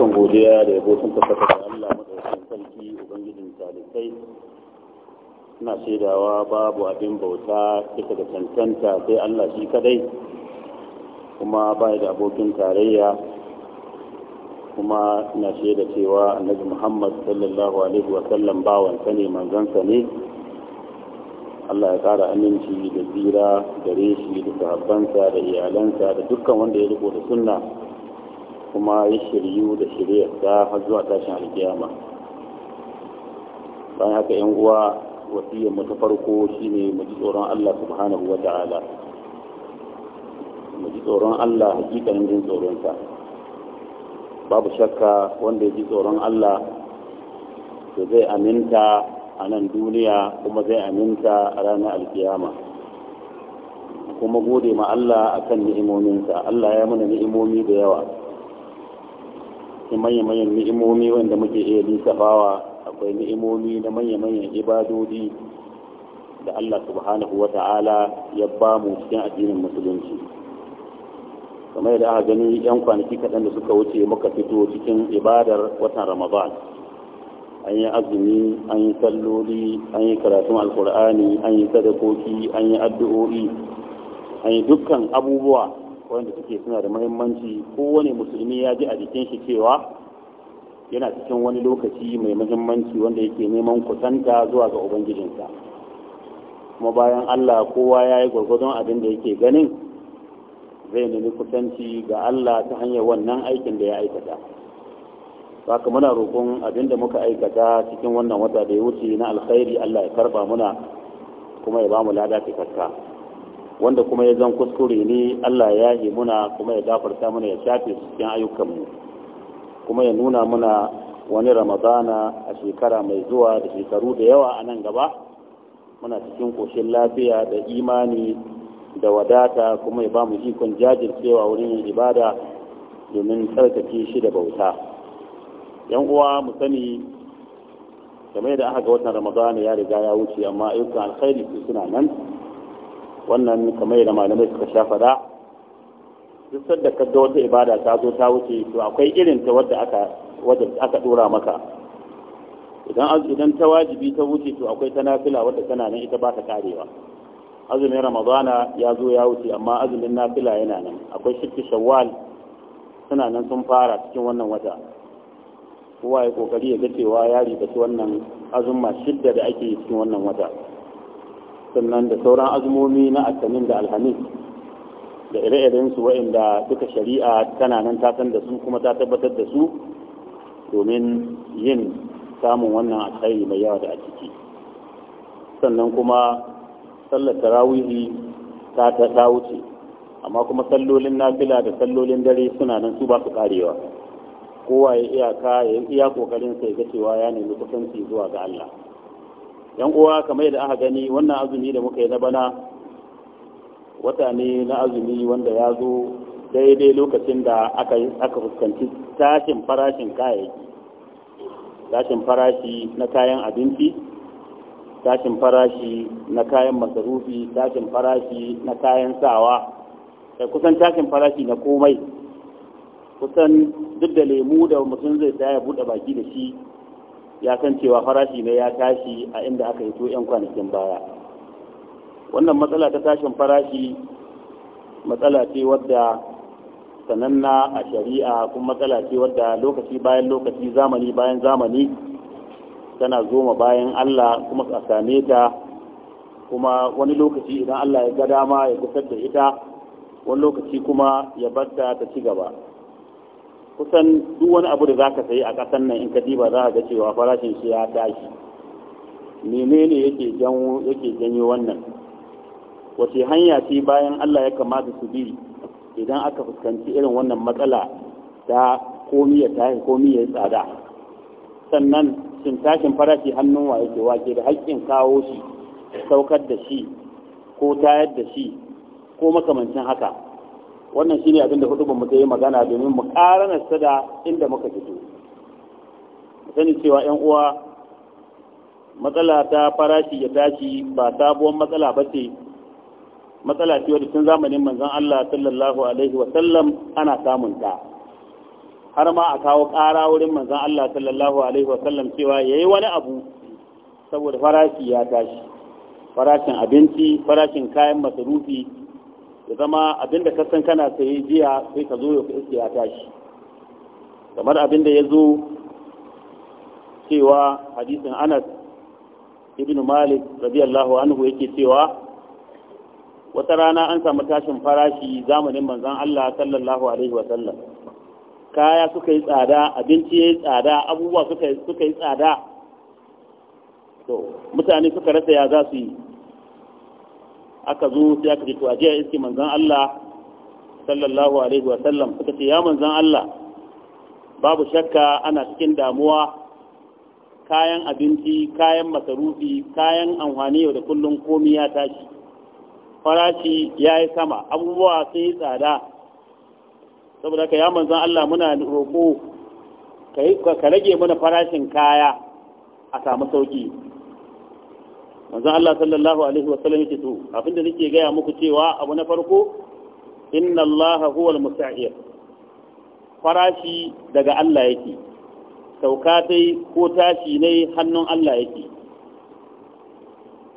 dukkan godiya da yabo sun tabbata da Allah madaukakin sarki ubangijin salisai ina shaidawa babu abin bauta kika da cancanta sai Allah shi kadai kuma bai da abokin tarayya kuma ina shaida cewa annabi Muhammad sallallahu alaihi wa sallam bawansa ne manzansa ne Allah ya kara aminci da tsira gare shi da sahabbansa da iyalansa da dukkan wanda ya riko sunna kuma ya shiryu da ta har zuwa tashin alkiyama bayan haka yan uwa wasiyar mu ta farko shine mu ji tsoron Allah subhanahu wa ta'ala mu ji tsoron Allah hakikanin jin tsoronsa babu shakka wanda ya ji tsoron Allah to zai aminta a nan duniya kuma zai aminta a ranar alkiyama kuma gode ma Allah akan ni'imominsa Allah ya mana ni'imomi da yawa cikin manya-manyan ni'imomi wanda muke iya lissafawa akwai ni'imomi na manya-manyan ibadodi da Allah subhanahu wa ta'ala ya ba mu cikin addinin musulunci kamar da aka gani yan kwanaki kaɗan da suka wuce muka fito cikin ibadar watan ramadan an yi azumi an yi salloli an yi karatun alkur'ani an yi sadakoki an yi addu'o'i an yi dukkan abubuwa wanda suke suna da mahimmanci kowane musulmi ya ji a jikin shi cewa yana cikin wani lokaci mai mahimmanci wanda yake neman kusanta zuwa ga ubangijinsa kuma bayan allah kowa ya yi gwargwadon abin da yake ganin zai nemi kusanci ga allah ta hanyar wannan aikin da ya aikata haka muna roƙon abin da muka aikata cikin wannan wata da ya wuce na alkhairi allah ya karba muna kuma ya ba mu lada cikakka wanda kuma ya zan kuskure ne Allah ya yi muna kuma ya gafarta muna ya shafe cikin ayyukanmu kuma ya nuna muna wani ramadana a shekara mai zuwa da shekaru da yawa a nan gaba muna cikin koshin lafiya da imani da wadata kuma ya ba mu ikon jajircewa wurin yin ibada domin tsarkake shi da bauta yan uwa mu sani game da aka ga watan ramadana ya riga ya wuce amma ayyukan alkhairi suna nan wannan kamar yadda malamai suka sha fada duk sadda ka ga wata ibada ta zo ta wuce to akwai irin ta wadda aka wadda aka dora maka idan idan ta wajibi ta wuce to akwai ta nafila wadda tana nan ita ba ta karewa azumin ramadana ya zo ya wuce amma azumin nafila yana nan akwai shirki shawwal suna nan sun fara cikin wannan wata kowa ya kokari ya ga cewa ya ribaci wannan azumma shidda da ake cikin wannan wata sannan da sauran azumomi na asanin da alhamis da ire-iren waɗanda duka shari'a tana nan ta san da su kuma ta tabbatar da su domin yin samun wannan alkhairi mai yawa da a ciki sannan kuma sallar tarawihi ta ta ta wuce amma kuma sallolin nafila da sallolin dare suna nan su ba su karewa kowa ya iyaka ya iya kokarin sai ga cewa ya nemi kusanci zuwa ga Allah yan uwa kamar yadda aka gani wannan azumi da muka yi na bana wata ne na azumi wanda ya zo daidai lokacin da aka fuskanci tashin farashin kayayyaki tashin farashi na kayan abinci tashin farashi na kayan masarufi tashin farashi na kayan sawa da kusan tashin farashi na komai kusan duk da lemu da mutum zai saya bude baki da shi ya san cewa farashi ne ya tashi a inda aka yi to 'yan kwanakin baya wannan matsala ta tashin farashi matsala ce wadda sananna a shari'a kuma matsala ce wadda lokaci bayan lokaci zamani bayan zamani tana zoma bayan allah kuma a same ta kuma wani lokaci idan allah ya ga dama ya gusar da ita wani lokaci kuma ya barta ta ci gaba kusan duk wani abu da za ka sayi a ƙasan nan in ka diba za ka ga cewa farashin shi ya tashi menene yake janyo yake janyo wannan wace hanya ce bayan Allah ya kamata su bi idan aka fuskanci irin wannan matsala ta komi ya tashi komi ya tsada sannan shin tashin farashi hannun wa yake wake da haƙƙin kawo shi saukar da shi ko tayar da shi ko makamancin haka wannan shine ne abinda hudu mu ta yi magana domin mu karana sa da inda muka fito sani cewa yan uwa matsala ta farashi ya tashi ba sabuwar matsala ba ce matsala ce wadda tun zamanin manzon Allah sallallahu alaihi wa sallam ana samun ta har ma a kawo ƙara wurin manzon Allah sallallahu alaihi wa sallam cewa yi wani abu saboda farashi ya tashi farashin abinci farashin kayan masarufi ya zama abinda da kasan kana sayi jiya sai ka zo ya ku iske ya tashi kamar abinda ya zo cewa hadisin anas ibn malik radiyallahu anhu yake cewa wata rana an samu tashin farashi zamanin manzon Allah sallallahu alaihi wa sallam kaya suka yi tsada abinci ya yi tsada abubuwa suka yi tsada mutane suka rasa ya za su yi aka zo sai aka ce to a jiya iske manzan Allah sallallahu alaihi wa sallam suka ce ya manzan Allah babu shakka ana cikin damuwa kayan abinci kayan masarufi kayan amfani yau da kullum komi ya tashi farashi ya yi sama abubuwa sun yi tsada saboda ka ya manzan Allah muna roƙo ka rage mana farashin kaya a samu sauƙi manzon Allah sallallahu alaihi wasallam yake to abinda nake gaya muku cewa abu na farko inna Allah huwal musta'ir farashi daga Allah yake sauka dai ko tashi ne hannun Allah yake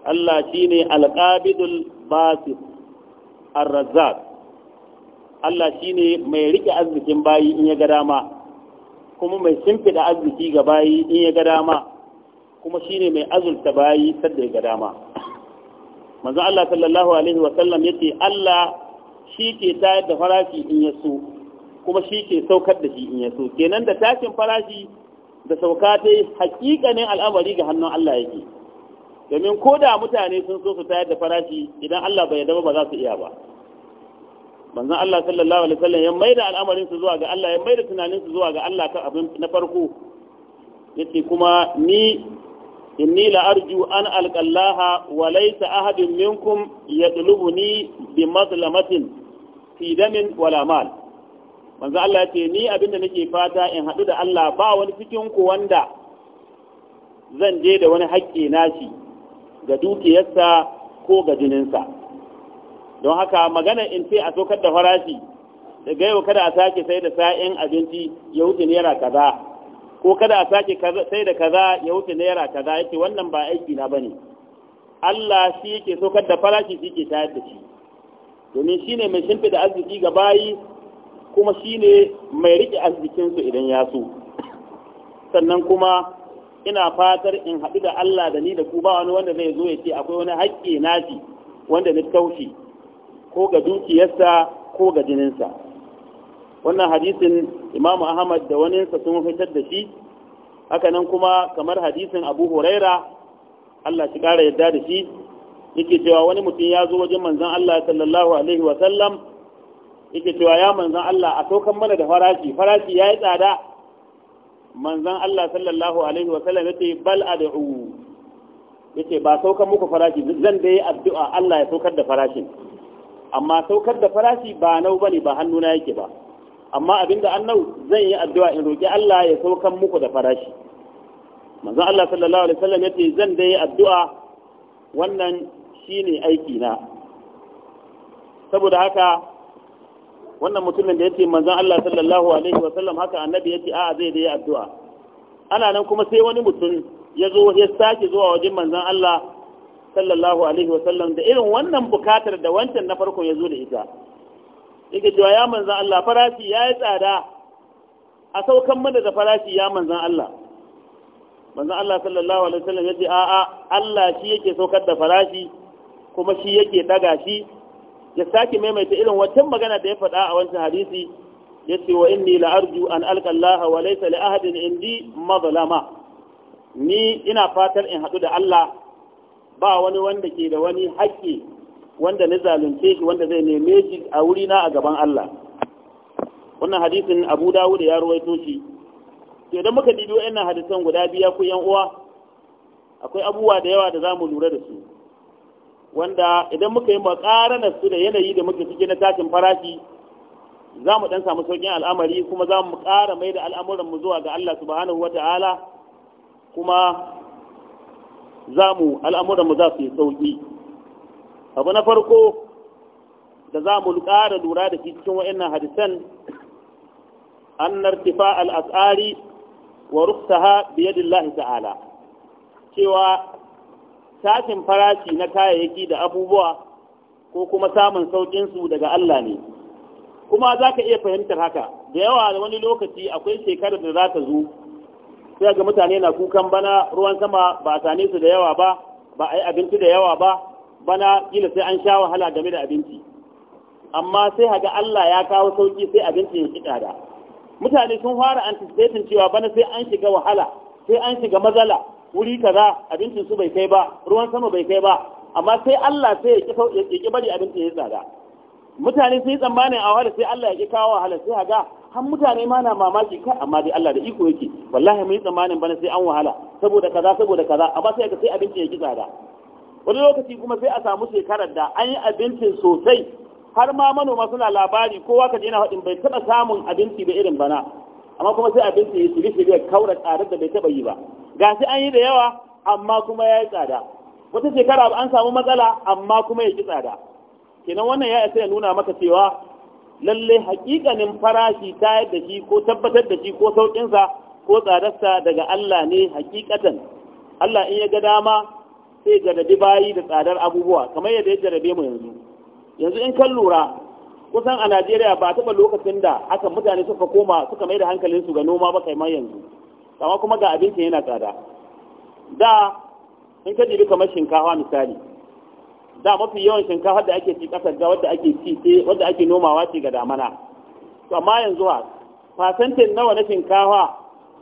Allah shine alqabidul basit ar-razzaq Allah shine mai rike arzikin bayi in ya ga dama kuma mai shimfida arziki ga bayi in ya ga dama kuma shine mai azurta bayi sadda ga dama manzo Allah sallallahu alaihi wa sallam yace Allah shi ke tayar da farashi in ya so kuma shi ke saukar da shi in ya so kenan da tashin farashi da sauka ta yi hakika ne al'amari ga hannun Allah yake domin ko da mutane sun so su tayar da farashi idan Allah bai yadda ba za su iya ba manzon Allah sallallahu alaihi wasallam ya maida al'amarin su zuwa ga Allah ya maida tunanin su zuwa ga Allah kan abin na farko yace kuma ni inni la'arju an alƙallaha wa laisa ahadin minkum ya ni bi mazlamatin fi damin wala mal manzo Allah ce ni abinda nake fata in haɗu da Allah ba wani cikin ku wanda zan je da wani haƙƙi nashi ga dukiyarsa ko ga jininsa don haka magana in ce a sokar da farashi daga yau kada a sake sai da sa'in abinci ya wuce naira kaza ko kada a sake sai da kaza ya wuce naira kaza yake wannan ba aiki na bane Allah shi yake saukar da farashi shi yake tayar da shi domin shine ne mai da arziki ga bayi kuma shine ne mai riƙe arzikinsu idan ya so sannan kuma ina fatar in haɗu da Allah da ni da ku ba wani wanda zai zo ya ce akwai wani haƙƙi nashi wanda na taushe ko ga dukiyarsa ko ga jininsa wannan hadisin imam ahmad da wani sun fitar da shi haka nan kuma kamar hadisin abu huraira allah shi kara yadda da shi yake cewa wani mutum ya zo wajen manzon allah sallallahu alaihi wa sallam yake cewa ya manzon allah a saukan mana da farashi farashi ya yi tsada manzon allah sallallahu alaihi wa sallam yace bal ad'u yace ba saukan muku farashi zan dai addu'a allah ya saukar da farashin amma saukar da farashi ba nau bane ba hannuna yake ba amma abinda annau zan yi addu'a in roki Allah ya saukan muku da farashi manzo Allah sallallahu alaihi wasallam yace zan da yi addu'a wannan shine aiki na saboda haka wannan mutumin da yace manzo Allah sallallahu alaihi wasallam haka annabi yace a'a zai da yi addu'a ana nan kuma sai wani mutum ya zo ya sake zuwa wajen manzon Allah sallallahu alaihi wasallam da irin wannan bukatar da wancan na farkon ya zo da ita yake cewa ya manzan Allah farashi ya yi tsada a saukan mana da farashi ya manzan Allah manzan Allah sallallahu alaihi wasallam ya ce a'a Allah shi yake saukar da farashi kuma shi yake daga shi ya sake maimaita irin wancan magana da ya faɗa a wancan hadisi ya ce wa inni la'arju an alƙallaha wa laisa li ahadin indi mazlama ni ina fatar in haɗu da Allah ba wani wanda ke da wani haƙƙi wanda na zalunce shi wanda zai neme shi a wuri na a gaban Allah wannan hadisin Abu Dawud ya ruwaito shi to idan muka dibi wannan hadisan guda biya ku yan uwa akwai abubuwa da yawa da zamu lura da su wanda idan muka yi na su da yanayi da muke cike na tashin farashi za mu dan samu saukin al'amari kuma za mu ƙara mai da al'amuran mu zuwa ga Allah subhanahu wata'ala kuma za mu al'amuran mu za su yi sauki abu na farko da za mu ƙara lura da shi cikin wa'annan hadisan an nartifa al'asari wa rufsaha biyadillahi ta'ala cewa tashin farashi na kayayyaki da abubuwa ko kuma samun sauƙinsu daga Allah ne kuma za ka iya fahimtar haka da yawa da wani lokaci akwai shekarar da za ta zo sai ga mutane na kukan bana ruwan sama ba a sane su da yawa ba ba a yi abinci da yawa ba bana kila sai an sha wahala game da abinci amma sai haga Allah ya kawo sauki sai abinci ya kiɗa da mutane sun fara anticipating cewa bana sai an shiga wahala sai an shiga mazala wuri kaza abincin su bai kai ba ruwan sama bai kai ba amma sai Allah sai ya ki bari abinci ya tsada mutane sai tsammanin a wahala sai Allah ya ki kawo wahala sai haga har mutane ma na mamaki kai amma dai Allah da iko yake wallahi mun yi tsammanin bana sai an wahala saboda kaza saboda kaza amma sai ka sai abinci ya ki tsada wani lokaci kuma sai a samu shekarar da an yi abincin sosai har ma manoma suna labari kowa ka yana haɗin bai taɓa samun abinci ba irin bana amma kuma sai abinci ya shirye shirye kaura tsadar da bai taɓa yi ba ga shi an yi da yawa amma kuma ya yi tsada wata shekara an samu matsala amma kuma ya yi tsada kenan wannan ya isa ya nuna maka cewa lallai hakikanin farashi tayar da shi ko tabbatar da shi ko sauƙinsa ko tsadarsa daga Allah ne hakikatan Allah in ya ga dama sai jarabi bayi da tsadar abubuwa kamar yadda ya jarabe mu yanzu yanzu in kan lura kusan a najeriya ba taɓa lokacin da aka mutane suka koma suka mai da su ga noma ba kaimar yanzu amma kuma ga abinci yana tsada da in ka jibi kamar shinkafa misali da mafi yawan shinkafa da ake ci kasar da wadda ake ci ce wadda ake nomawa ce ga damana to amma yanzu ha fasantin nawa na shinkafa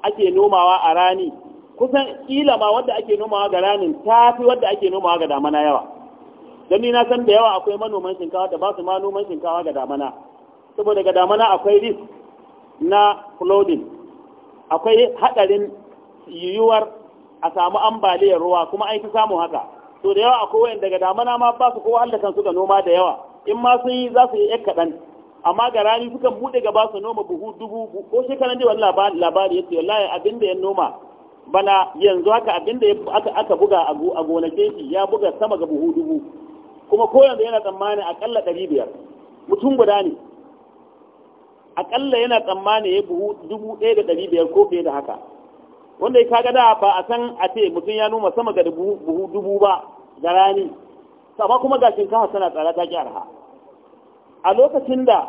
ake nomawa a rani kusan kila ma wadda ake nomawa ga ranin ta fi wadda ake nomawa ga damana yawa don na san da yawa akwai manoman shinkawa da ba su ma noman shinkawa ga damana saboda ga damana akwai risk na flooding akwai hadarin yiwuwar a samu ambaliyar ruwa kuma ai fi samun haka to da yawa akwai wayan daga damana ma ba su kowa Allah kan suka noma da yawa in ma sun yi za su yi yan kaɗan amma ga rani sukan buɗe gaba su noma buhu dubu ko shekaran jiya wani labari ya ce wallahi abin da ya noma bana yanzu haka abinda aka buga a gonakin shi ya buga sama ga buhu dubu kuma ko yanzu yana tsammani akalla ɗari biyar mutum guda ne akalla yana tsammani ya buhu dubu ɗaya da ɗari biyar ko fiye da haka wanda ya kaga da ba a san a ce mutum ya nuna sama ga buhu dubu ba da rani amma kuma ga shinkafa tana tsara ta arha a lokacin da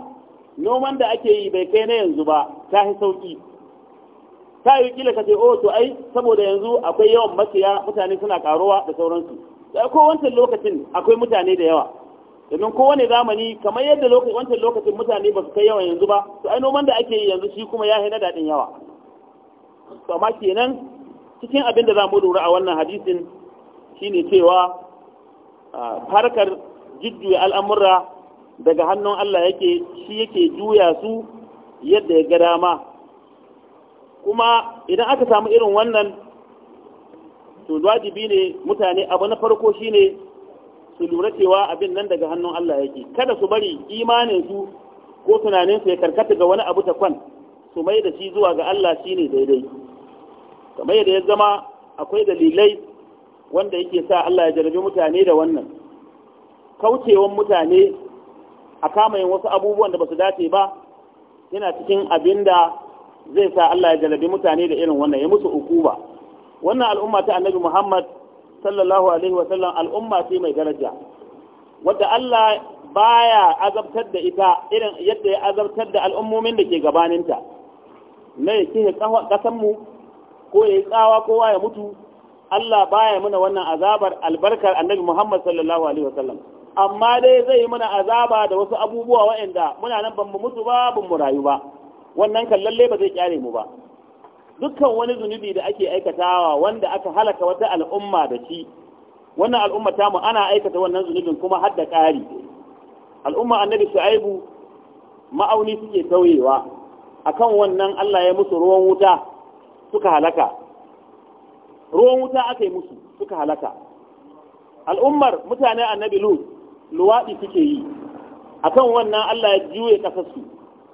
noman da ake yi bai kai na yanzu ba ta yi sauƙi ta yi kila ka ce o oh, to ai saboda yanzu akwai yawan maciya mutane suna karuwa da sauransu da ko wancan lokacin akwai mutane da yawa domin kowane zamani kamar yadda wancan lokacin mutane ba su kai yawan yanzu ba to ai noman da ake yi yanzu shi kuma ya na daɗin yawa to amma kenan cikin abin da za mu lura a wannan hadisin shine cewa harkar jujjuya al'amura daga hannun Allah yake shi yake juya su yadda ya ga dama kuma idan aka samu irin wannan to wajibi ne mutane abu na farko shine su lura cewa abin nan daga hannun Allah yake kada su bari imanin su ko tunanin su ya karkata ga wani abu ta kwan su mai da shi zuwa ga Allah shine daidai kamar yadda ya zama akwai dalilai wanda yake sa Allah ya jarabi mutane da wannan kaucewan mutane a kama wasu abubuwan da ba su dace ba yana cikin abinda. zai sa Allah ya jalabi mutane da irin wannan ya musu ukuba wannan al'umma ta annabi Muhammad sallallahu alaihi wa sallam al'umma ce mai daraja wadda Allah baya azabtar da ita irin yadda ya azabtar da al'ummomin da ke gabaninta na ya kasan mu ko ya yi tsawa kowa ya mutu Allah baya muna wannan azabar albarkar annabi Muhammad sallallahu alaihi wa sallam amma dai zai yi mana azaba da wasu abubuwa waɗanda muna nan ban mu mutu ba ban mu rayu ba wannan kan lalle ba zai kyare mu ba dukkan wani zunubi da ake aikatawa wanda aka halaka wata al'umma da shi wannan al'umma ta mu ana aikata wannan zunubin kuma har da ƙari al'umma annabi shu'aibu ma'auni suke tauyewa akan wannan Allah ya musu ruwan wuta suka halaka ruwan wuta aka yi musu suka halaka al'ummar mutane annabi lu luwaɗi suke yi akan wannan Allah ya juye kasarsu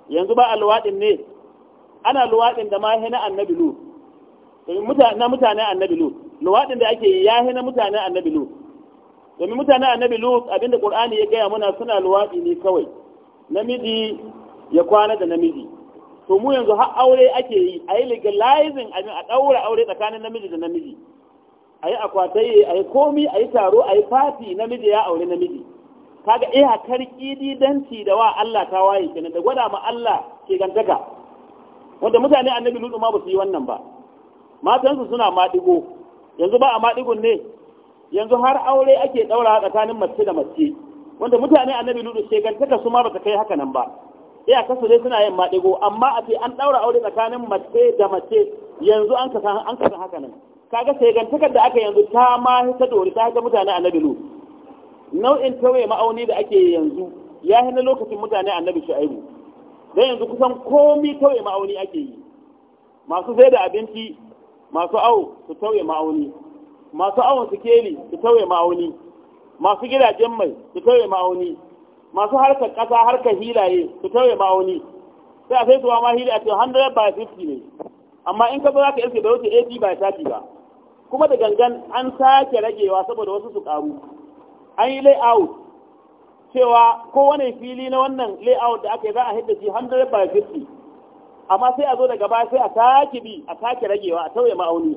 yanzu ba a ne ana luwaɗin da ma na annabi lu na mutanen annabi lu luwaɗin da ake ya hina mutanen annabi lu domin mutanen annabi lu abinda qur'ani ya gaya muna suna luwaɗi ne kawai namiji ya kwana da namiji to mu yanzu har aure ake yi a yi legalizing a ɗaura aure tsakanin namiji da namiji a yi akwatai a yi komi a yi taro a yi fati namiji ya aure namiji kaga iya eh, karki didanci da wa Allah ta waye kenan da gwada ma Allah ke gantaka wanda mutane annabi lutu ma ba su yi wannan ba Matan su suna maɗigo yanzu ba a maɗigon ne yanzu har aure ake ɗaura tsakanin mace da mace wanda mutane annabi lutu ke gantaka su ma ba ta kai haka nan ba iya kasu dai suna yin maɗigo amma a ce an ɗaura aure tsakanin mace da mace yanzu an kasa an kasa haka nan kaga sai gantakar da aka yanzu ta ma ta dori ta ga mutane annabi lutu nau'in tawaye ma'auni da ake yanzu ya na lokacin mutane annabi shu'aibu dan yanzu kusan komi tawaye ma'auni ake yi masu sai da abinci masu awo su tawaye ma'auni masu awon sikeli su tawaye ma'auni masu gidajen mai su tawaye ma'auni masu harkar kasa harkar hilaye su tawaye ma'auni sai a sai su ma hila a ce 100 by 50 ne amma in ka zo za ka iske da wuce 80 by 30 ba kuma da gangan an sake ragewa saboda wasu su karu an yi layout cewa kowane fili na wannan layout da aka yi za a hidda shi 100 by 50 amma sai a zo daga baya sai a sake bi a sake ragewa a tauye ma'auni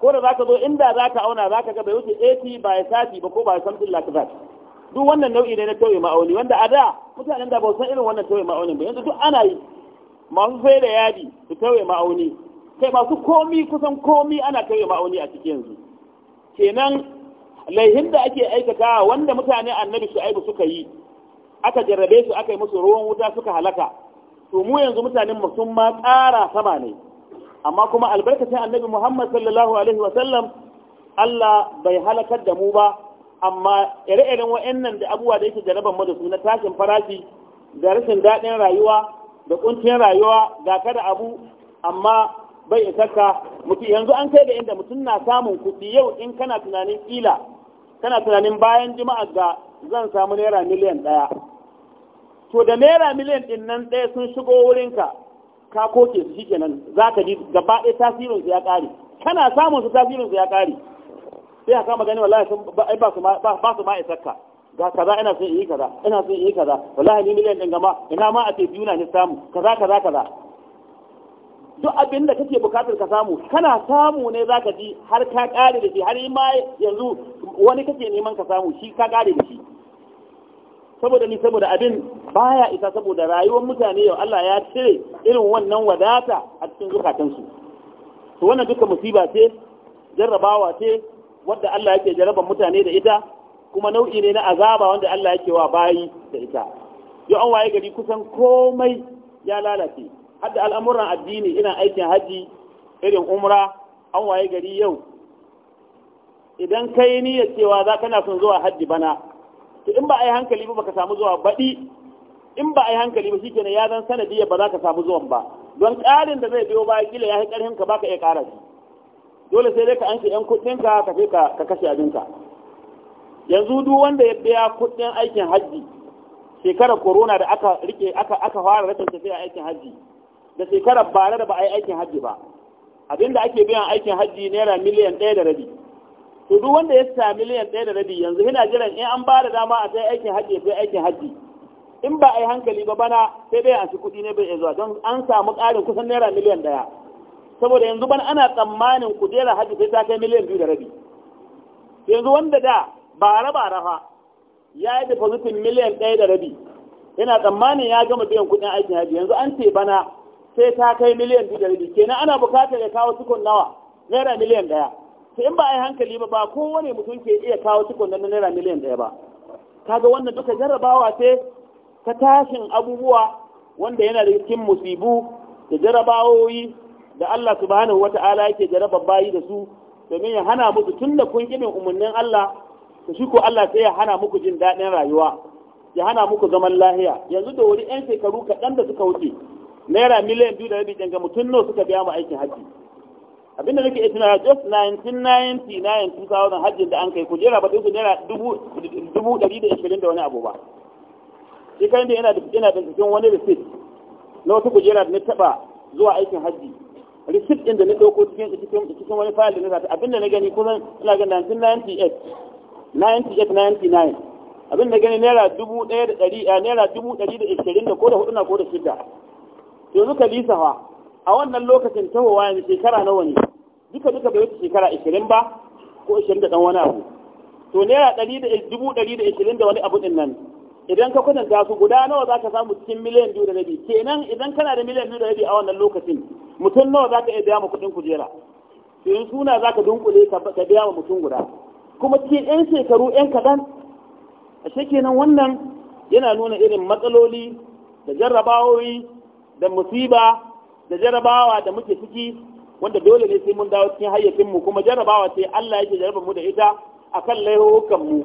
ko da za ka zo inda za ka auna za ka ga bai wuce 80 by 30 ba ko by something like that duk wannan nau'i ne na tauye ma'auni wanda a da mutanen da ba san irin wannan tauye ma'aunin ba yanzu duk ana yi masu sai da yadi su tauye ma'auni kai masu komi kusan komi ana tauye ma'auni a cikin yanzu kenan laihin da ake aikata wanda mutane annabi aibu suka yi aka jarrabe su aka yi musu ruwan wuta suka halaka to mu yanzu mutanen mu sun ma tsara sama ne amma kuma albarkacin annabi muhammad sallallahu alaihi wasallam allah bai halakar da mu ba amma ire-iren wa'annan da abubuwa da yake jaraban mu da su na tashin farashi da rashin daɗin rayuwa da kuncin rayuwa ga kada abu amma bai isarka mutum yanzu an kai ga inda mutum na samun kuɗi yau in kana tunanin kila kana tunanin bayan juma'a ga zan samu naira miliyan ɗaya to da naira miliyan ɗin nan ɗaya sun shigo wurinka ka koke su shikenan za ka ji gaba ɗaya tasirinsu ya ƙare kana samun su tasirinsu ya ƙare sai ka kama gani wallahi sun ba su ba su ma isakka ga kaza ina son yi kaza ina son yi kaza wallahi ni miliyan ɗin gama ina ma a ce biyu na ni samu kaza kaza kaza duk abin da kake bukatar ka samu kana samu ne zaka ji har ka kare da shi har ma yanzu wani kake neman ka samu shi ka kare da shi saboda ni saboda abin baya isa saboda rayuwar mutane yau Allah ya cire irin wannan wadata a cikin zukatansu to wannan duka musiba ce jarrabawa ce wadda Allah yake jarraban mutane da ita kuma nau'i ne na azaba wanda Allah yake wa bayi da ita yau an waye gari kusan komai ya lalace hadda al'amuran addini ina aikin haji irin umra an waye gari yau idan ka yi niyyar cewa za kana son zuwa hajji bana to in ba a yi hankali ba ka samu zuwa baɗi in ba a yi hankali ba shikenan ya zan sanadiyar ba za ka samu zuwan ba don ƙarin da zai biyo baya kila ya yi ƙarfin ka baka iya ƙara shi dole sai dai ka anshi yan kuɗin ka ka ka kashe abinka yanzu duk wanda ya biya kuɗin aikin hajji shekarar corona da aka rike aka aka fara rashin tafiya aikin hajji da shekarar bara da ba a yi aikin hajji ba abinda ake biyan aikin hajji naira miliyan ɗaya da rabi to duk wanda ya sa miliyan ɗaya da rabi yanzu yana jiran in an ba da dama a sai aikin hajji sai aikin hajji in ba a yi hankali ba bana sai dai a shi kuɗi ne bai iya zuwa don an samu ƙarin kusan naira miliyan ɗaya saboda yanzu bana ana tsammanin kujerar hajji sai ta kai miliyan biyu da rabi yanzu wanda da bara bara fa ya yi depositin miliyan ɗaya da rabi yana tsammanin ya gama biyan kuɗin aikin hajji yanzu an ce bana sai ta kai miliyan biyu da kenan ana bukatar ya kawo cikon nawa naira miliyan ɗaya Sai in ba a yi hankali ba ba kowane mutum ke iya kawo cikon na naira miliyan ɗaya ba kaga wannan duka jarrabawa ce ta tashin abubuwa wanda yana da cikin musibu da jarrabawoyi da Allah subhanahu wata'ala yake jarabar bayi da su domin ya hana musu tun da kun umarnin Allah to shi ko Allah sai ya hana muku jin daɗin rayuwa ya hana muku zaman lahiya yanzu da wani 'yan shekaru kaɗan da suka wuce naira miliyan biyu da rabi ɗin ga mutum nawa suka biya mu aikin hajji abin da nake tuna just 1999 2000 hajjin da an kai kujera ba duk naira dubu dari da ishirin da wani abu ba shi kan da yana da cikin wani receipt na wasu kujera da na taɓa zuwa aikin hajji receipt ɗin da na ɗauko cikin cikin cikin wani file da na zata abin da na gani kusan ina ga 1998 98 abin da gani naira dubu ɗaya da ɗari naira dubu ɗari da ishirin da ko da hudu na ko da shida yanzu lisa fa a wannan lokacin tahowa yanzu shekara nawa ne duka duka bai wuce shekara 20 ba ko 20 da dan wani abu to naira 120 da wani abu din nan idan ka kwatanta su guda nawa za ka samu cikin miliyan biyu da rabi kenan idan kana da miliyan biyu da rabi a wannan lokacin mutum nawa za ka iya biya ma kuɗin kujera to suna za ka dunkule ka biya ma mutum guda kuma cikin 'yan shekaru 'yan kaɗan a shekenan wannan yana nuna irin matsaloli da jarrabawoyi da musiba da jarabawa da muke ciki wanda dole ne sai mun dawo cikin hayyacin mu kuma jarabawa sai Allah yake jarabar mu da ita akan laihukan mu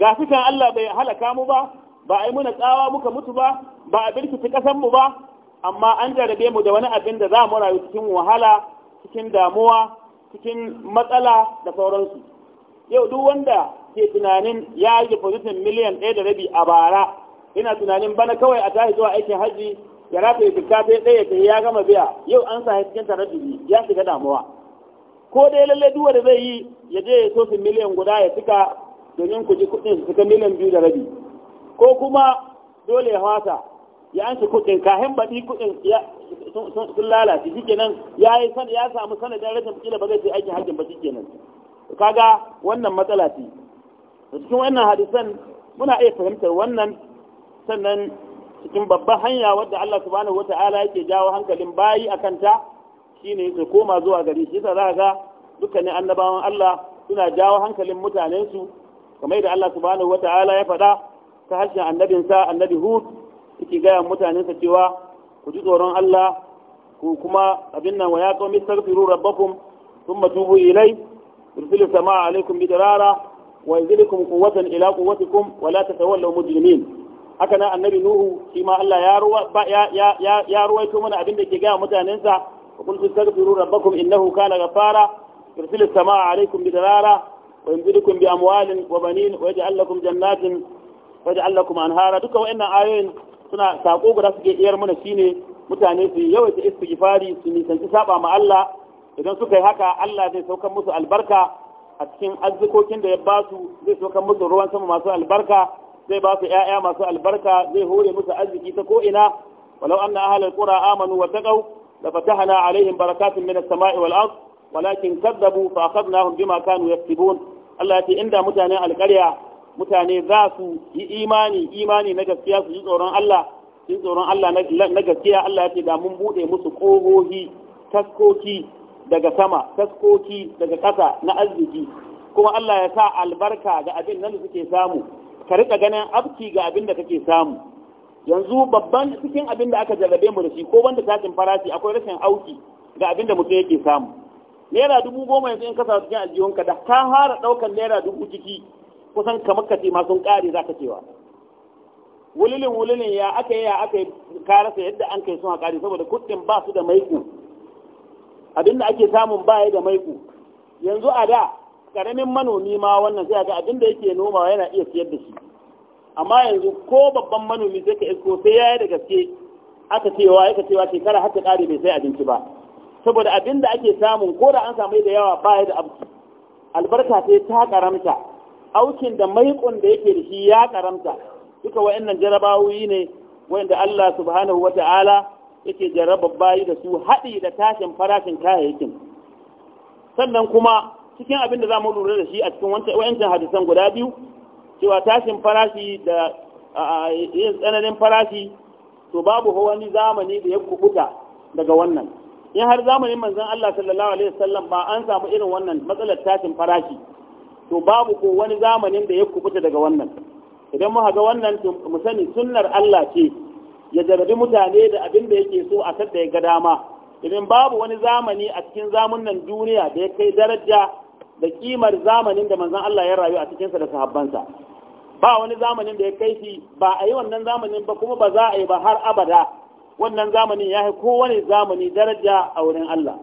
ga fitan Allah bai halaka mu ba ba ai muna tsawa muka mutu ba ba a birkici kasan mu ba amma an jarabe mu da wani abin da za mu rayu cikin wahala cikin damuwa cikin matsala da sauransu yau duk wanda ke tunanin ya yi position miliyan ɗaya da rabi a bara ina tunanin bana kawai a tashi zuwa aikin hajji ya rata ya fita sai ɗaya ta ya gama biya yau an sa cikin taraddudi ya shiga damuwa ko dai lalle duwa da zai yi ya je ya sosin miliyan guda ya cika domin ku ji kuɗin su miliyan biyu da rabi ko kuma dole ya ya an shi kuɗin kahin baɗi kuɗin sun lalace shi kenan ya yi ya samu sanadin rashin kila ba zai ce aikin hajjin ba shi kenan kaga wannan matsala ce cikin wannan hadisan muna iya fahimtar wannan sannan cikin babban hanya wadda Allah subhanahu wata'ala yake jawo hankalin bayi a kanta shine su koma zuwa gari shi yasa za ga dukkanin annabawan Allah suna jawo hankalin mutanensu kamar da Allah subhanahu wata'ala ya faɗa ta harshen annabinsa annabi Hud yake gaya mutanensa cewa ku ji tsoron Allah ku kuma abin nan wa ya qaumi astaghfiru rabbakum thumma tubu ilai yursilu samaa alaikum bidarara wa yazidukum quwwatan ila quwwatikum wala ta tatawallaw mujrimin haka na annabi nuhu shi ma Allah ya ruwa ya ya ya ruwaito mana abin da ke ga mutanensa qul tastaghfiru rabbakum innahu kana ghafara yursilu samaa alaykum bidarara wa yumdidukum bi amwalin wa banin wa yaj'al lakum jannatin wa yaj'al lakum anhara duka wa'annan ayoyin suna sako guda suke iyar mana shine mutane su yawaita istighfari su nisanci saba ma Allah idan suka yi haka Allah zai saukar musu albarka a cikin arzikokin da ya basu zai saukar musu ruwan sama masu albarka zai ba su ‘ya'ya masu albarka zai hore musu arziki ta ko'ina walau an na ahalar ƙura amanu wa taƙau da fatahana alaihim barakatun min as-sama'i wal ard walakin kadzabu fa akhadnahum bima kanu yaktubun Allah ya ce inda mutanen alƙarya mutane za su yi imani imani na gaskiya su ji tsoron Allah ji tsoron Allah na gaskiya Allah ya ce da mun buɗe musu kohohi taskoki daga sama taskoki daga ƙasa na arziki kuma Allah ya sa albarka ga abin nan da suke samu ka rika ganin abki ga abin da kake samu yanzu babban cikin abin da aka jarrabe mu da shi ko wanda tashin farashi akwai rashin auki ga abin da mutum yake samu naira dubu goma yanzu in ka samu cikin ka da ka fara ɗaukar naira dubu ciki kusan kamar ka ce masu kare za ka cewa wulilin wulilin ya aka yi ya aka yi karasa yadda an kai sun haƙari saboda kuɗin ba su da maiku Abin da ake samun ba ya da maiku yanzu a da karamin manomi ma wannan sai ga abin da yake nomawa yana iya siyar da shi amma yanzu ko babban manomi zai ka isko sai ya yi da gaske aka cewa aka cewa shekara har ta kare bai sai abinci ba saboda abin da ake samun ko da an samu da yawa ba da abu albarka sai ta karamta aukin da maikon da yake da shi ya karamta duka wayannan jarabawoyi ne wanda Allah subhanahu wata'ala yake jarabar bayi da su haɗi da tashin farashin kayayyakin sannan kuma cikin abin da za mu lura da shi a cikin wancan hadisan guda biyu cewa tashin farashi da yin tsananin farashi to babu wani zamani da ya kubuta daga wannan in har zamanin manzon Allah sallallahu alaihi wasallam ba an samu irin wannan matsalar tashin farashi to babu ko wani zamanin da ya kubuta daga wannan idan mu ga wannan to mu sani sunnar Allah ce ya jarabi mutane da abin da yake so a sadda ya ga dama idan babu wani zamani a cikin zamunan duniya da ya kai daraja da kimar zamanin da manzan Allah ya rayu a cikinsa da sahabbansa ba wani zamanin da ya kai shi ba a yi wannan zamanin ba kuma ba za a yi ba har abada wannan zamanin ya yi kowane zamani daraja a wurin Allah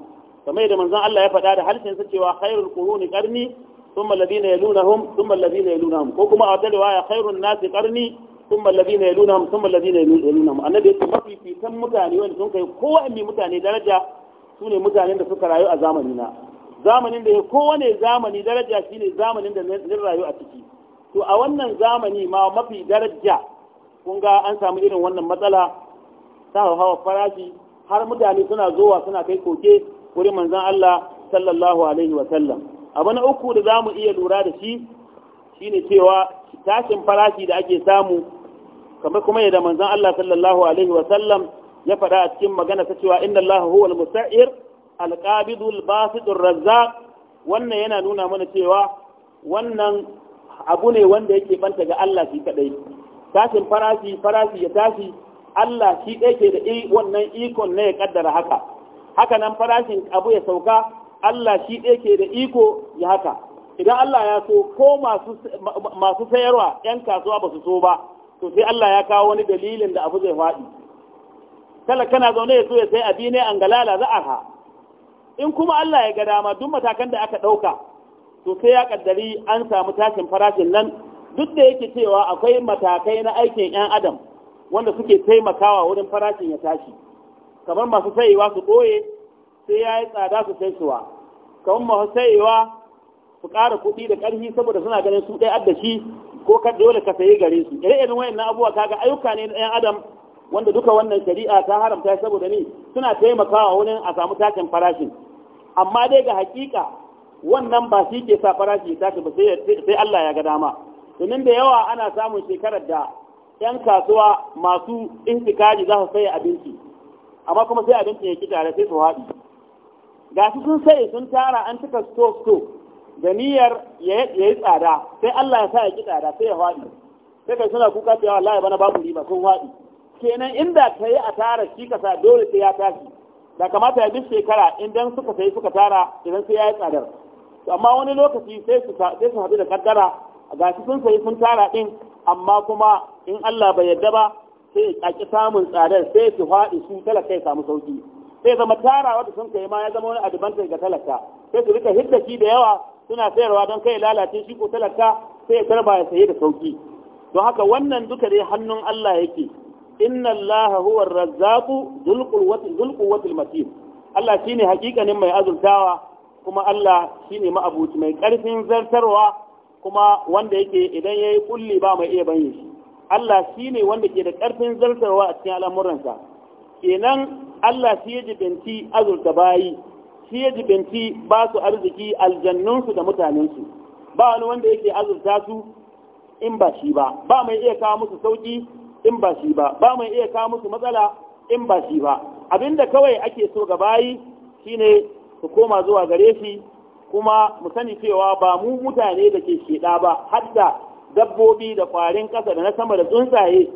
kamar da manzan Allah ya faɗa da harshen sa cewa khairul quruni qarni thumma alladhina yalunahum thumma alladhina yalunahum ko kuma a tare ya khairun nasi qarni thumma alladhina yalunahum thumma alladhina yalunahum annabi ya ce mafi fitan mutane wanda sun kai kowanne mutane daraja su ne mutanen da suka rayu a zamanina zamanin da ya kowane zamani daraja shine zamanin da zai rayu a ciki to a wannan zamani ma mafi daraja kun ga an samu irin wannan matsala ta hawa farashi har mutane suna zowa suna kai koke wuri manzan Allah sallallahu alaihi wa sallam abu na uku da za mu iya lura da shi shi ne cewa tashin farashi da ake samu kamar kuma yadda manzan Allah sallallahu alaihi wa sallam ya faɗa a cikin magana ta cewa inna Allah huwa al-musta'ir alƙabidul basidur razzaq wannan yana nuna mana cewa wannan abu ne wanda yake banta ga Allah shi kaɗai. tashin farashi farashi ya tashi Allah shi ɗaya ke da wannan ikon ne ya kaddara haka haka nan farashin abu ya sauka Allah shi ɗaya ke da iko ya haka idan Allah ya so ko masu sayarwa 'yan kasuwa ba su so ba to sai Allah ya kawo wani dalilin da abu zai faɗi talaka zaune ya so ya sai abi ne an galala za a ha in kuma Allah ya ga dama duk matakan da aka ɗauka to sai ya kaddari an samu tashin farashin nan duk da yake cewa akwai matakai na aikin 'yan adam wanda suke taimakawa wurin farashin ya tashi kamar masu sayewa su ɓoye sai ya yi tsada su sai suwa kamar masu sayewa su ƙara kuɗi da ƙarfi saboda suna ganin su ɗaya addashi, ko dole ka sayi gare su ire wayan wayannan abubuwa kaga ayyuka ne na 'yan adam wanda duka wannan shari'a ta haramta saboda ni suna taimakawa wurin a samu tashin farashin amma dai ga hakika wannan ba shi ke sa farashi ya tashi ba sai Allah ya ga dama domin da yawa ana samun shekarar da 'yan kasuwa masu intikari za su sai abinci amma kuma sai abinci ya ki da sai su haɗi ga su sun sai sun tara an cika sto sto da niyyar ya yi tsada sai Allah ya sa ya ki da sai ya haɗi sai kai suna kuka cewa Allah ya bana babu riba sun haɗi kenan inda ka yi asara shi kasa dole sai ya tashi da kamata ya duk shekara idan suka sai suka tara idan sai ya yi tsadar amma wani lokaci sai su haɗu da kaddara a shi sun sayi sun tara din amma kuma in Allah bai yarda ba sai a ƙaƙi samun tsadar sai su faɗi su talaka ya samu sauki sai zama tara wata sun kai ma ya zama wani advantage ga talaka sai su rika hidda da yawa suna sayarwa don kai lalace shi ko talaka sai ya karba ya sayi da sauki don haka wannan duka dai hannun Allah yake inna allaha huwa razzaqu dhul quwwati dhul quwwati al-matin Allah shine hakikanin mai azurtawa kuma Allah shine ma'abuci mai karfin zartarwa kuma wanda yake idan yayi kulli ba mai iya banye shi Allah shine wanda ke da karfin zartarwa a cikin al'amuransa kenan Allah shi yaji binti azurta bayi shi yaji binti ba su arziki aljannunsu da mutanensu ba wani wanda yake azurta su in ba shi ba ba mai iya kawo musu sauki in ba shi ba ba mai iya kawo musu matsala in ba shi ba abinda kawai ake so ga bayi shine su koma zuwa gare shi kuma mu sani cewa ba mu mutane da ke sheda ba hadda dabbobi da kwarin kasa da na sama da tsuntsaye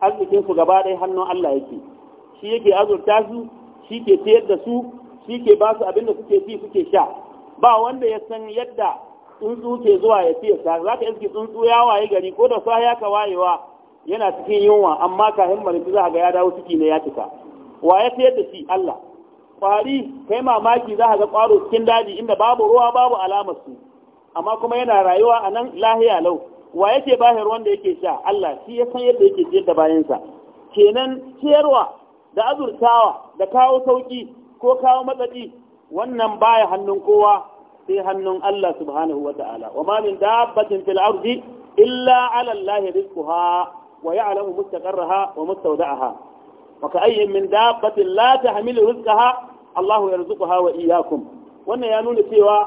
arzikin su gaba ɗaya hannun Allah yake shi yake azurta su shi ke tayar da su shi ke ba su abin da suke ci suke sha ba wanda ya san yadda tsuntsu ke zuwa ya fiye sa za ka iske tsuntsu ya waye gari ko da sa ya ka wayewa yana cikin yunwa amma ka himmar marifi za ga ya dawo ciki ne ya cika wa ya sayar da shi Allah kwari kai mamaki za ga kwaro cikin daji inda babu ruwa babu alamar su amma kuma yana rayuwa a nan lahiya lau wa yake bahir wanda yake sha Allah shi ya san yadda yake ciyar da bayansa kenan ciyarwa da azurtawa da kawo sauki ko kawo matsatsi wannan baya hannun kowa sai hannun Allah subhanahu wa ta'ala wa ma min dabbatin fil ardi illa ala allahi rizquha ويعلم مستقرها ومستودعها وكأي من دابة لا تحمل رزقها الله يرزقها وإياكم وأن يانون سوى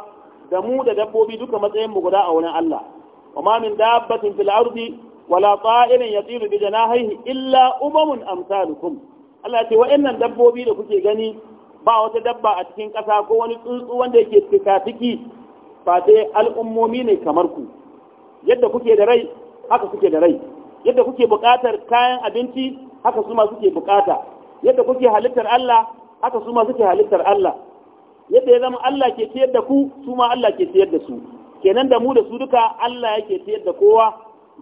دمو دبو بدك مزعين مقداء ونا الله وما من دابة في الأرض ولا طائر يطير بجناحيه إلا أمم أمثالكم الله يقول وإن دبو بدك جني ba wata dabba a cikin ƙasa ko wani tsuntsu wanda yake fikafiki ba dai al'ummomi ne kamar ku yadda kuke da rai haka kuke da rai yadda kuke buƙatar kayan abinci haka su ma suke buƙata yadda kuke halittar Allah haka su ma suke halittar Allah yadda ya zama Allah ke ciyar da ku su ma Allah ke ciyar da su kenan da mu da su duka Allah yake ciyar da kowa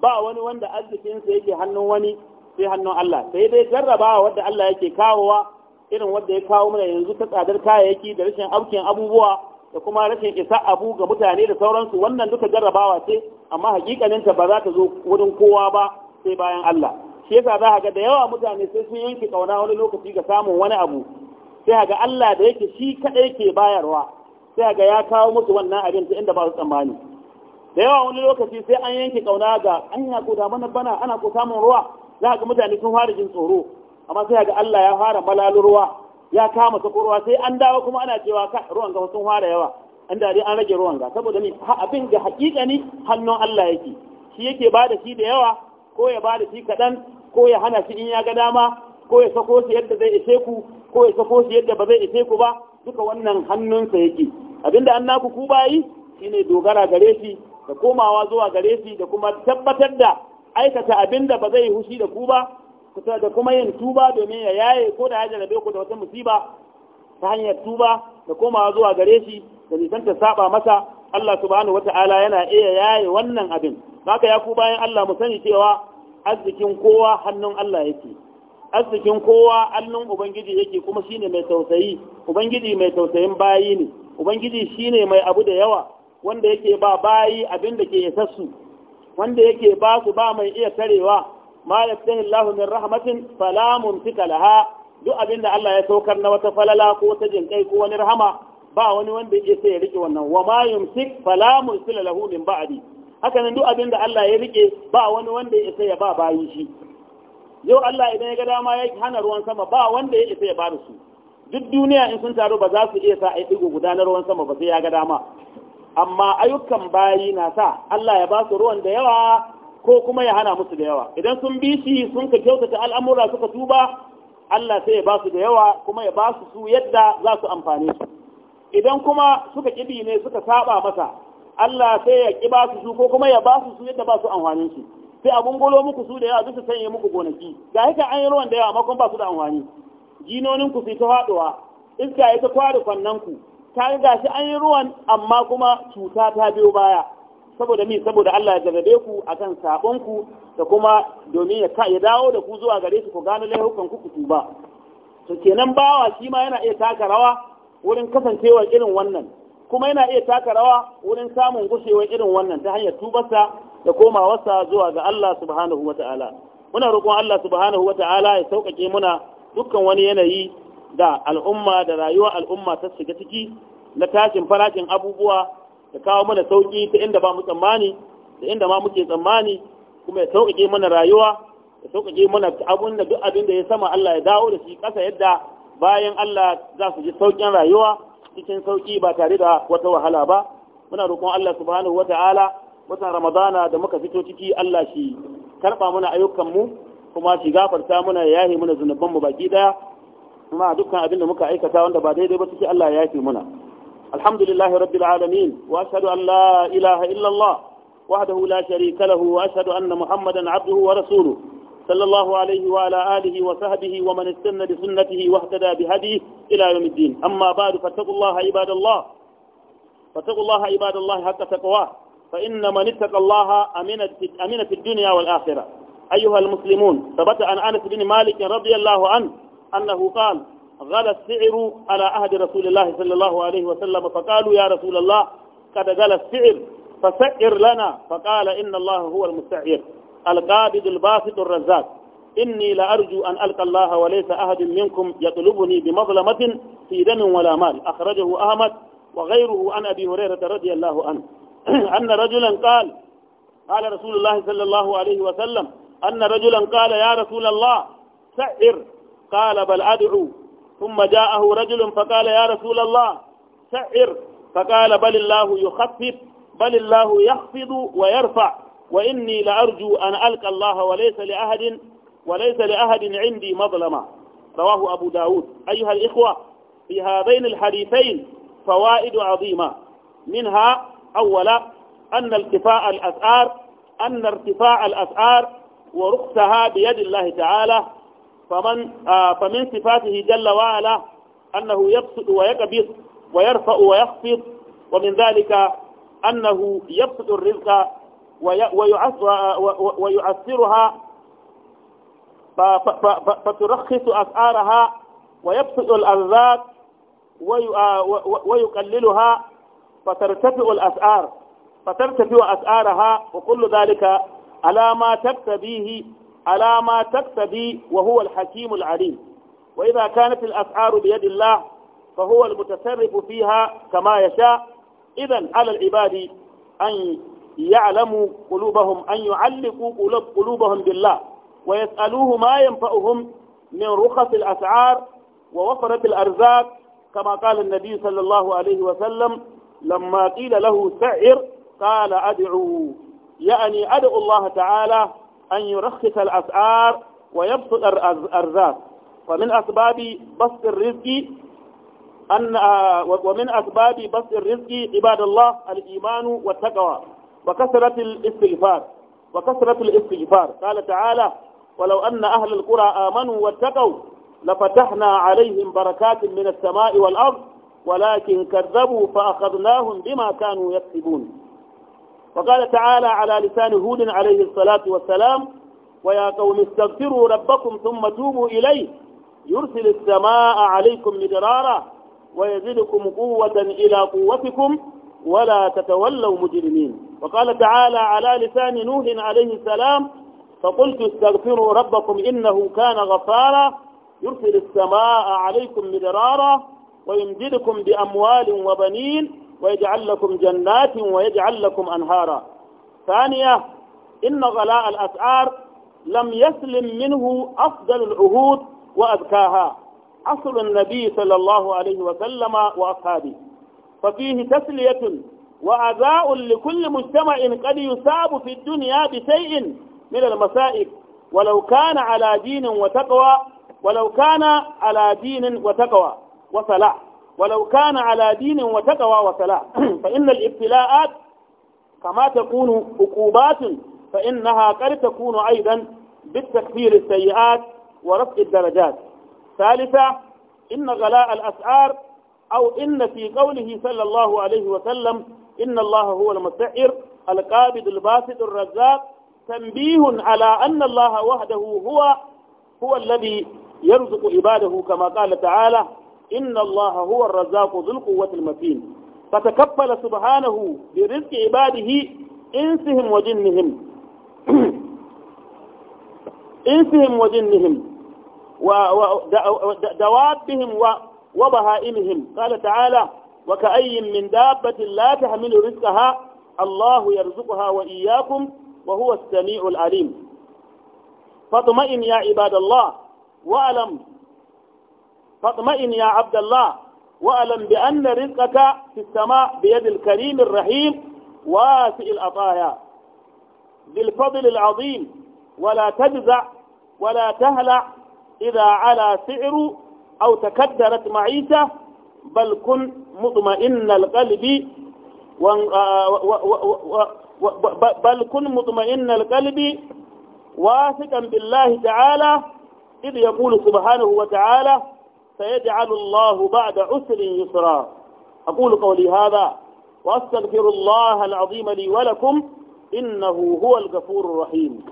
ba wani wanda arzikinsa yake hannun wani sai hannun Allah sai dai jarrabawa wanda Allah yake kawowa irin wanda ya kawo mana yanzu ta tsadar kayayyaki da rashin aukin abubuwa da kuma rashin isa abu ga mutane da sauransu wannan duka jarrabawa ce amma hakikaninta ba za ta zo wurin kowa ba sai bayan Allah shi yasa za ga da yawa mutane sai sun yanke kauna wani lokaci ga samun wani abu sai ga Allah da yake shi kaɗai ke bayarwa sai ga ya kawo musu wannan abin ta inda ba su tsammani da yawa wani lokaci sai an yanke kauna ga an ya ko mana bana ana ko samun ruwa za ga mutane sun fara jin tsoro amma sai ga Allah ya fara malalu ruwa ya kama ruwa sai an dawo kuma ana cewa ka ruwan ga sun fara yawa an da an rage ruwan ga saboda ni abin ga hakika ni hannun Allah yake shi yake ba da shi da yawa ko ya ba da shi kaɗan ko ya hana shi in ya ga dama ko ya sako shi yadda zai ishe ku ko ya sako shi yadda ba zai ishe ku ba duka wannan hannunsa yake abinda an naku ku bayi shine dogara gare shi da komawa zuwa gare shi da kuma tabbatar da aikata abinda ba zai hushi da ku ba da kuma yin tuba domin ya yaye ko da ya jarabe ku da wata musiba ta hanyar tuba da komawa zuwa gare shi da nisanta saba masa Allah subhanahu wata'ala yana iya yaye wannan abin haka ya ku bayan Allah mu sani cewa arzikin kowa hannun Allah yake arzikin kowa hannun ubangiji yake kuma shine mai tausayi ubangiji mai tausayin bayi ne ubangiji shine mai abu da yawa wanda yake ba bayi abin da ke isassu wanda yake ba su ba mai iya tarewa ma yaftahi Allahu min rahmatin fala mumsika laha duk abin da Allah ya saukar na wata falala ko ta jinkai ko wani rahama ba wani wanda yake sai ya rike wannan wa ma yumsik fala mursila lahu min ba'di haka nan duk abin da Allah ya rike ba wani wanda ya isa ya ba bayin shi yau Allah idan ya ga dama ya hana ruwan sama ba wanda ya isa ya ba su duk duniya in sun taru ba za su iya sa ai digo gudanar ruwan sama ba sai ya ga dama amma ayyukan bayi na sa Allah ya ba su ruwan da yawa ko kuma ya hana musu da yawa idan sun bi shi sun ka kyautata al'amura suka tuba Allah sai ya ba su da yawa kuma ya ba su su yadda za su amfane su idan kuma suka kibi ne suka saba masa Allah sai ya ki ba su su ko kuma ya ba su su yadda ba su amfanin su sai abun golo muku su da yawa duk su muku gonaki ga haka an yi ruwan da yawa makon ba su da amfani jinonin ku sai ta faduwa iska ya ta kwari kwannan ku ta ga shi an yi ruwan amma kuma cuta ta biyo baya saboda mi saboda Allah ya jarrabe ku akan sabon ku da kuma domin ya dawo da ku zuwa gare shi ku gano laifukan ku ku tuba to kenan bawa shi ma yana iya taka rawa wurin kasancewar irin wannan kuma yana iya taka rawa wurin samun gushewar irin wannan ta hanyar tubarsa da komawarsa zuwa ga Allah subhanahu wa muna roƙon Allah subhanahu wa ya sauƙaƙe muna dukkan wani yanayi da al'umma da rayuwar al'umma ta shiga ciki na tashin farashin abubuwa da kawo mana sauƙi ta inda ba mu tsammani da inda ma muke tsammani kuma ya sauƙaƙe mana rayuwa ya sauƙaƙe mana abun da duk abin da ya sama Allah ya dawo da shi ƙasa yadda bayan Allah za su ji sauƙin rayuwa cikin sauƙi ba tare da wata wahala ba muna roƙon Allah subhanahu wata'ala watan Ramadana da muka fito ciki Allah shi karɓa mana ayyukan mu kuma shi gafarta muna ya yahe mana zunuban mu baki daya kuma dukkan abin da muka aikata wanda ba daidai ba ciki Allah ya yafe muna alhamdulillahi rabbil alamin wa ashhadu an la ilaha illallah wahdahu la sharika lahu wa ashhadu anna muhammadan abduhu wa rasuluhu صلى الله عليه وعلى آله وصحبه ومن استنى بسنته واهتدى بهديه إلى يوم الدين أما بعد فاتقوا الله عباد الله فاتقوا الله عباد الله حتى تقواه فإن من اتقى الله أمن في الدنيا والآخرة أيها المسلمون ثبت عن أنس بن مالك رضي الله عنه أنه قال غلى السعر على عهد رسول الله صلى الله عليه وسلم فقالوا يا رسول الله قد غلى السعر فسعر لنا فقال إن الله هو المستعير القابض الباسط الرزاق إني لأرجو أن ألقى الله وليس أحد منكم يطلبني بمظلمة في دم ولا مال أخرجه أحمد وغيره عن أبي هريرة رضي الله عنه أن رجلا قال قال رسول الله صلى الله عليه وسلم أن رجلا قال يا رسول الله سعر قال بل أدعو ثم جاءه رجل فقال يا رسول الله سعر فقال بل الله يخفف بل الله يخفض ويرفع وإني لأرجو أن ألقى الله وليس لأحد وليس لأحد عندي مظلمة رواه أبو داود أيها الإخوة في هذين الحديثين فوائد عظيمة منها أولا أن ارتفاع الأسعار أن ارتفاع الأسعار ورخصها بيد الله تعالى فمن آه فمن صفاته جل وعلا أنه يبسط ويقبض ويرفع ويخفض ومن ذلك أنه يبسط الرزق ويعثرها فترخص أسعارها ويبسط الأرزاق ويقللها فترتفع الأسعار فترتفع أسعارها وكل ذلك على ما تكتبيه على ما تكتبي وهو الحكيم العليم وإذا كانت الأسعار بيد الله فهو المتصرف فيها كما يشاء إذا على العباد أن يعلم قلوبهم أن يعلقوا قلوب قلوبهم بالله ويسألوه ما ينفعهم من رخص الأسعار ووفرة الأرزاق كما قال النبي صلى الله عليه وسلم لما قيل له سعر قال أدعو يعني أدعو الله تعالى أن يرخص الأسعار ويبسط الأرزاق ومن أسباب بسط الرزق أن آه، ومن أسباب بسط الرزق عباد الله الإيمان والتقوى وكثرة الاستغفار وكثرة الاستغفار قال تعالى ولو أن أهل القرى آمنوا واتقوا لفتحنا عليهم بركات من السماء والأرض ولكن كذبوا فأخذناهم بما كانوا يكسبون وقال تعالى على لسان هود عليه الصلاة والسلام ويا قوم استغفروا ربكم ثم توبوا إليه يرسل السماء عليكم مدرارا ويزدكم قوة إلى قوتكم ولا تتولوا مجرمين وقال تعالى على لسان نوح عليه السلام فقلت استغفروا ربكم إنه كان غفارا يرسل السماء عليكم مدرارا ويمددكم بأموال وبنين ويجعل لكم جنات ويجعل لكم أنهارا ثانية إن غلاء الأسعار لم يسلم منه أفضل العهود وأذكاها أصل النبي صلى الله عليه وسلم وأصحابه ففيه تسلية وعزاء لكل مجتمع قد يصاب في الدنيا بشيء من المصائب ولو كان على دين وتقوى ولو كان على دين وتقوى وصلاة ولو كان على دين وتقوى وصلاة فإن الابتلاءات كما تكون عقوبات فإنها قد تكون أيضا بالتكفير السيئات ورفع الدرجات ثالثا إن غلاء الأسعار أو إن في قوله صلى الله عليه وسلم إن الله هو المسعر القابض الباسط الرزاق تنبيه على أن الله وحده هو هو الذي يرزق عباده كما قال تعالى إن الله هو الرزاق ذو القوة المتين فتكفل سبحانه برزق عباده إنسهم وجنهم إنسهم وجنهم ودوابهم وبهائمهم قال تعالى وكأي من دابة لا تحمل رزقها الله يرزقها وإياكم وهو السميع العليم فاطمئن يا عباد الله وألم فاطمئن يا عبد الله وألم بأن رزقك في السماء بيد الكريم الرحيم واسع العطايا ذي الفضل العظيم ولا تجزع ولا تهلع إذا على سعر أو تكدرت معيشة بل كن مطمئن القلب آه، و... و... و... بل كن مطمئن القلب واثقا بالله تعالى إذ يقول سبحانه وتعالى سيجعل الله بعد عسر يسرا أقول قولي هذا وأستغفر الله العظيم لي ولكم إنه هو الغفور الرحيم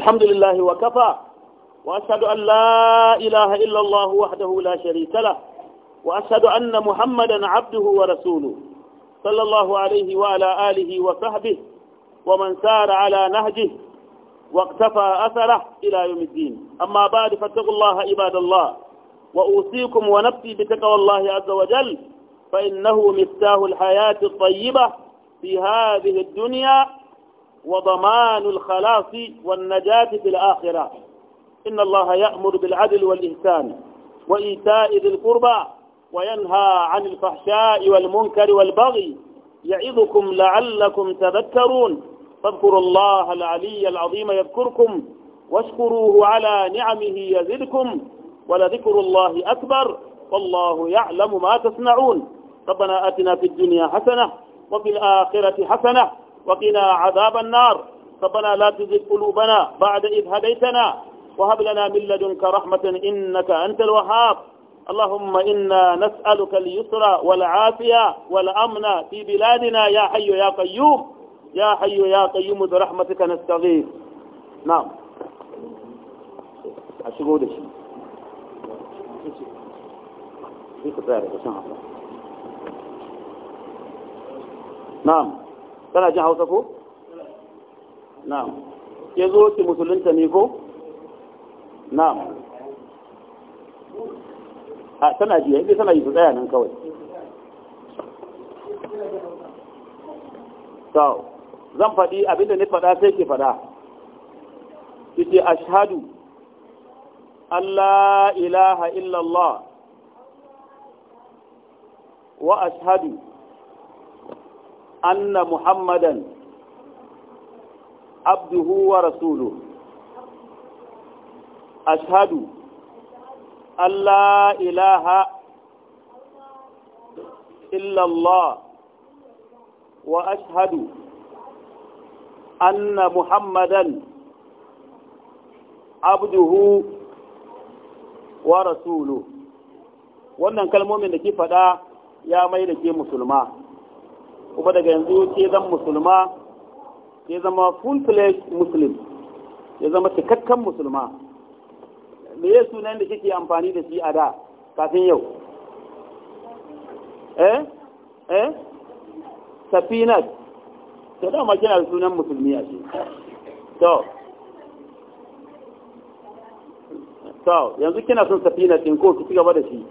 الحمد لله وكفى وأشهد أن لا إله إلا الله وحده لا شريك له وأشهد أن محمدا عبده ورسوله صلى الله عليه وعلى آله وصحبه ومن سار على نهجه واقتفى أثره إلى يوم الدين أما بعد فاتقوا الله عباد الله وأوصيكم ونفسي بتقوى الله عز وجل فإنه مفتاح الحياة الطيبة في هذه الدنيا وضمان الخلاص والنجاة في الآخرة إن الله يأمر بالعدل والإحسان وإيتاء ذي القربى وينهى عن الفحشاء والمنكر والبغي يعظكم لعلكم تذكرون فاذكروا الله العلي العظيم يذكركم واشكروه على نعمه يزدكم ولذكر الله أكبر والله يعلم ما تصنعون ربنا آتنا في الدنيا حسنة وفي الآخرة حسنة وقنا عذاب النار ربنا لا تزغ قلوبنا بعد إذ هديتنا وهب لنا من لدنك رحمة إنك أنت الوهاب اللهم إنا نسألك اليسر والعافية والأمن في بلادنا يا حي يا قيوم يا حي يا قيوم برحمتك نستغيث نعم أشكو شيء في قطارة نعم kana jin hausa ko na'am ya zo ki musulunta ne ko na'am a tana jiya yanzu tana yi su tsaya nan kawai to zan faɗi abinda ni faɗa sai ki faɗa kike shahadu Allah ilaha illallah wa shahadu. أن محمدا عبده ورسوله أشهد أن لا إله إلا الله وأشهد أن محمدا عبده ورسوله wannan kalmomin da ke faɗa ya mai da ke musulma kuma daga yanzu ke zan musulma ke zama full fledged muslim ya zama cikakken musulma me ya sunan da kike amfani da shi a da kafin yau eh eh safinat ta dama kina da sunan musulmi a ce to to yanzu kina son safinat din ko ki ci gaba da shi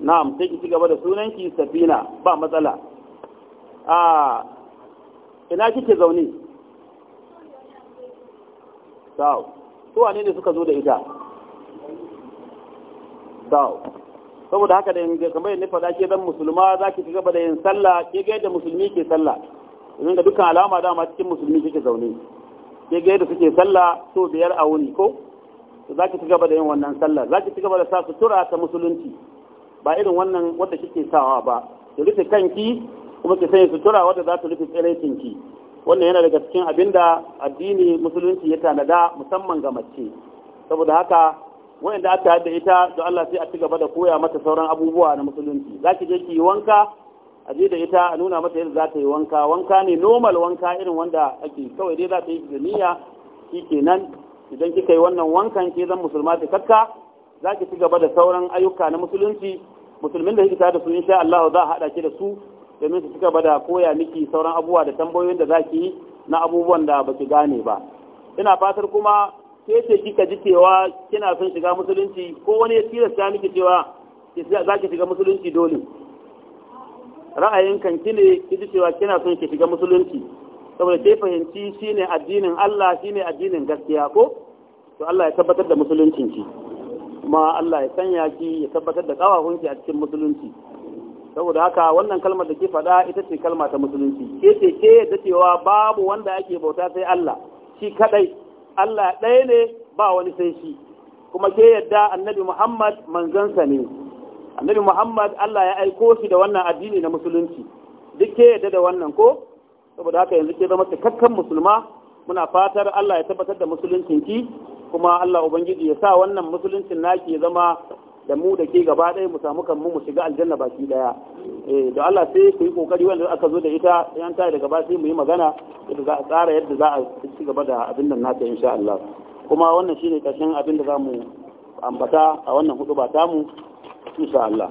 na'am sai ki ci gaba da sunan ki safina ba matsala a ina kike zaune sau suwa ne ne suka zo da ita sau saboda haka da kamar yadda faɗa ke zan musulma za ki gaba da yin sallah ke ga yadda musulmi ke sallah domin ga dukkan alama dama cikin musulmi kike zaune ke ga yadda suke sallah so biyar a wuni ko za ki gaba da yin wannan sallah za ki gaba da sa sutura ta musulunci ba irin wannan wadda kike sawa ba ki rufe kanki kuma ki sanya sutura wadda za ta rufe tsiraitin ki wannan yana daga cikin abin da addini musulunci ya tanada musamman ga mace saboda haka wanda aka haɗa ita don Allah sai a ci gaba da koya mata sauran abubuwa na musulunci za ki je ki yi wanka a je da ita a nuna mata yadda za ta yi wanka wanka ne normal wanka irin wanda ake kawai dai za ta yi da niyya shi kenan idan kika yi wannan wankan ke zan musulma ta kakka za ki ci gaba da sauran ayyuka na musulunci musulmin da kika da su insha Allah za a haɗa ki da su domin su ci gaba da koya miki sauran abubuwa da tambayoyin da ki yi na abubuwan da baki gane ba ina fatar kuma ke ce kika ji cewa kina son shiga musulunci ko wani ya tilasta miki cewa za ki shiga musulunci dole ra'ayin ki ne ki ji cewa kina son ki shiga musulunci saboda ke fahimci shi ne addinin Allah shi ne addinin gaskiya ko to Allah ya tabbatar da musuluncin ki kuma Allah ya sanya ki ya tabbatar da kawahunki a cikin musulunci saboda haka wannan kalmar da ke faɗa ita ce kalma ta musulunci ke ce ke da cewa babu wanda ake bauta sai Allah shi kadai Allah ɗaya ne ba wani sai shi kuma ke yadda annabi Muhammad manzansa ne annabi Muhammad Allah ya aiko shi da wannan addini na musulunci duk ke yadda da wannan ko saboda haka yanzu ke zama cikakken musulma muna fatar Allah ya tabbatar da musuluncin ki kuma Allah ubangiji ya sa wannan musuluncin naki ya zama da mu da ke gaba ɗaya mu samu kan mu shiga aljanna baki ɗaya eh da Allah sai ku yi kokari wanda aka zo da ita yan tare da gaba sai mu yi magana yadda za a tsara yadda za a ci gaba da abin nan nata insha Allah kuma wannan shine karshen abin da za mu ambata a wannan hudu ba ta mu insha Allah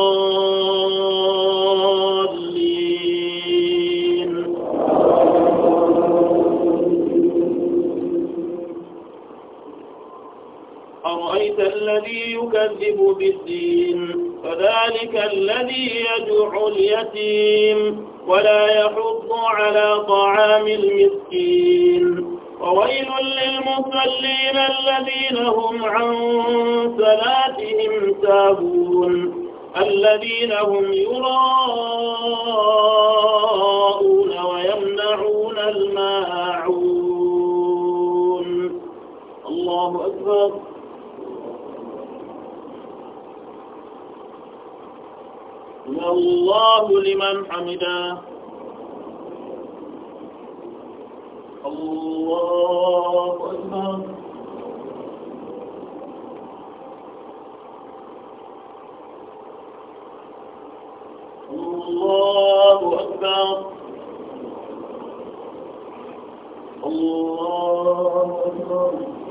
يكذب بالدين فذلك الذي يدعو اليتيم ولا يحض على طعام المسكين وويل للمصلين الذين هم عن صلاتهم ساهون الذين هم يراءون الله لمن حمده الله أكبر الله أكبر الله أكبر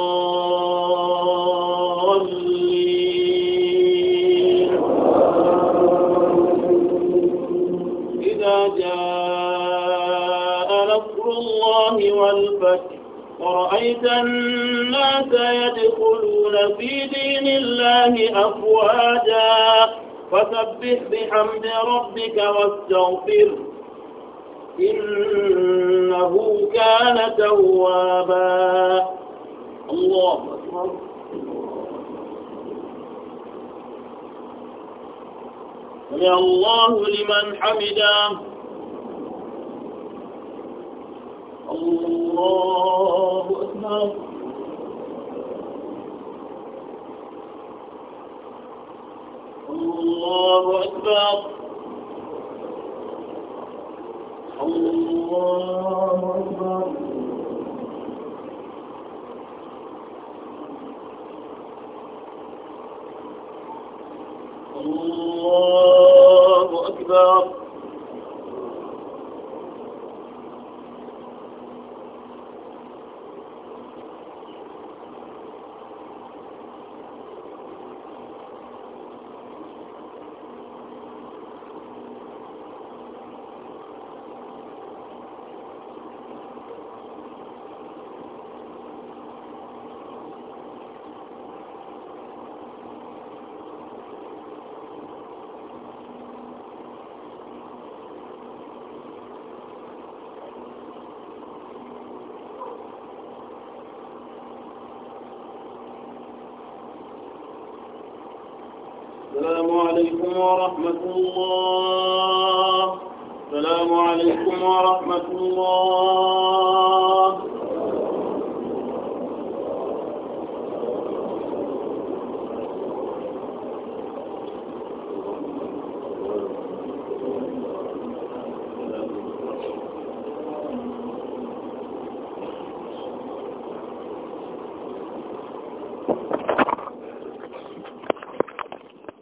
أرأيت الناس يدخلون في دين الله أفواجا فسبح بحمد ربك واستغفر إنه كان توابا الله أكبر سمع الله لمن حمده الله الله أكبر الله أكبر